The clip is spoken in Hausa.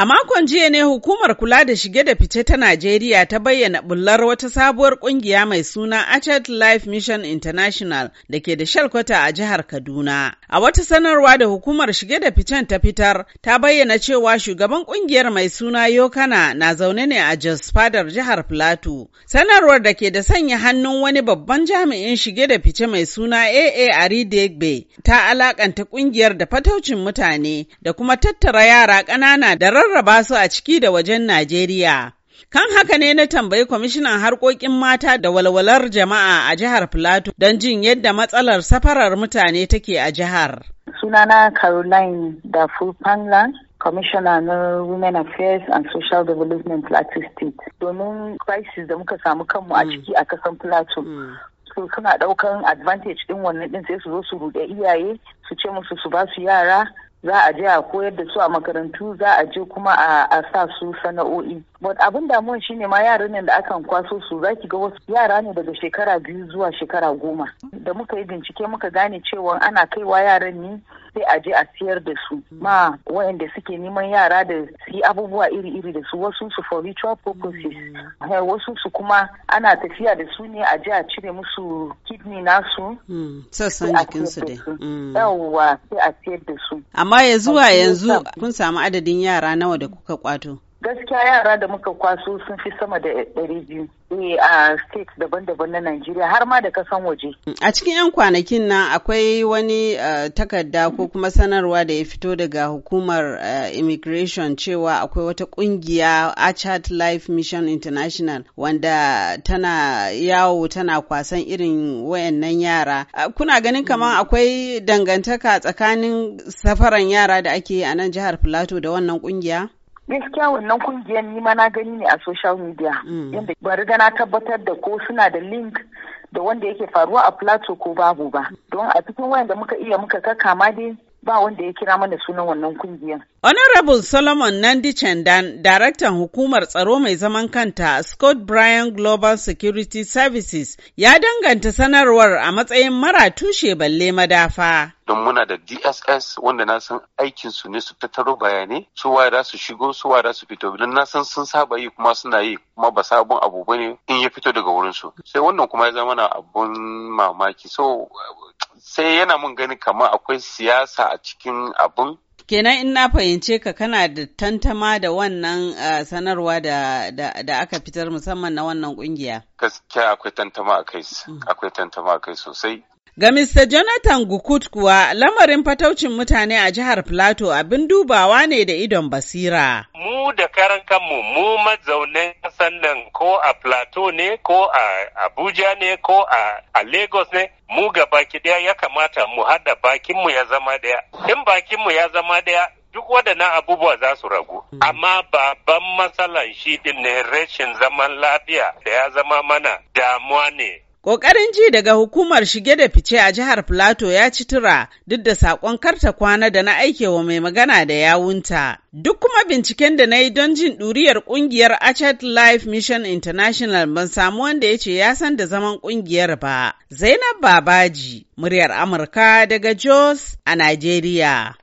A makon jiya ne hukumar kula da shige da fice ta Najeriya ta bayyana bullar wata sabuwar kungiya mai suna Achat Life Mission International da ke da shalkwata a jihar Kaduna. A wata sanarwa da hukumar shige da ficen ta fitar ta bayyana cewa shugaban kungiyar mai suna Yokana na zaune ne a Jos Fadar jihar Plateau. Sanarwar da ke da sanya hannun wani babban jami'in shige da fice mai suna AA Aridegbe ta alakanta kungiyar da fataucin mutane da kuma tattara yara ƙanana da rarraba su a ciki da wajen Najeriya. Kan haka ne na tambayi kwamishinan harkokin mata da walwalar jama'a a jihar Filato don jin yadda matsalar safarar mutane take a jihar. Sunana Caroline da Fulfanland, Commissioner na Women Affairs and Social Development Plateau State. Domin crisis da muka samu kanmu a mm. ciki a kasan Filato. Mm. su suna daukan advantage din wannan din sai su zo su rude iyaye su ce musu su ba su yara za a je a koyar da su a makarantu za a je kuma a sa su sana'o'i but abin damuwan shine ma yaran nan da akan kwaso su za ki ga wasu yara ne daga shekara biyu zuwa shekara goma da muka yi bincike muka gane cewa ana kaiwa yaran ne sai a je a siyar da su hmm. ma wayanda suke neman yara da su yi abubuwa iri-iri da su wasu su for ritual purposes hmm. eh, wasu su kuma ana tafiya da su ne a je a cire musu kidney nasu hmm. sassan jikinsu dai yawwa sai a siyar da su amma ya zuwa yanzu kun samu adadin yara nawa da kuka kwato gaskiya yara da muka kwaso sun fi sama da ɗari biyu eh, a state daban-daban na Najeriya har ma da kasan waje. A cikin 'yan kwanakin nan akwai wani eh, takarda ko kuma sanarwa da ya fito daga hukumar eh, immigration cewa akwai wata kungiya Achat Life Mission International wanda tana yawo tana kwasan irin wayannan yara. Kuna ganin kamar akwai dangantaka tsakanin safaran yara da ake yi a nan jihar Plateau da wannan kungiya? gaskiya wannan kungiyar ni ma na gani ne a social media mm. yadda ba riga na tabbatar da ko suna da link da wanda yake faruwa a plateau ko babu ba mm. don a cikin wayanda muka iya muka kama dai ba wanda ya kira mana sunan wannan kungiyar. Honorable Solomon Nandi Chandan, daraktan hukumar tsaro mai zaman kanta Scott Bryan Global Security Services ya danganta sanarwar a matsayin mara tushe balle madafa. Don muna da DSS wanda na san aikin su ne su tattaro bayanai, su waye da su shigo, su waye da su fito, don na san sun saba yi kuma suna yi kuma ba sabon abu bane in ya fito daga wurin su. Sai wannan kuma ya zama na abun mamaki. So sai yana mun gani kamar akwai siyasa a cikin abin? kenan in na fahimce ka kana da tantama da wannan uh, sanarwa da, aka fitar musamman na wannan kungiya gaskiya akwai tantama a kai mm. akwai tantama a kai sosai Ga Mr. Jonathan Gukut kuwa lamarin fataucin mutane a jihar Plateau abin dubawa ne da idon basira. Mu da karan kanmu mu mazaunin Sannan ko a plateau ne ko a abuja ne ko a lagos ne mu ga baki daya ya kamata mu hada bakinmu ya zama daya in bakinmu ya zama daya duk waɗannan abubuwa za su ragu. Hmm. Amma babban matsalan shi din ne rashin zaman lafiya da ya zama mana damuwa ne Ƙoƙarin ji daga hukumar shige da fice a jihar Filato ya ci tura duk da saƙon karta kwana da na aike wa mai magana da yawunta. Duk kuma binciken da na yi don jin ɗuriyar ƙungiyar Achat Life Mission International ban samu wanda ya ce ya san da zaman ƙungiyar ba. Zainab Babaji, muryar Amurka daga Jos a Najeriya.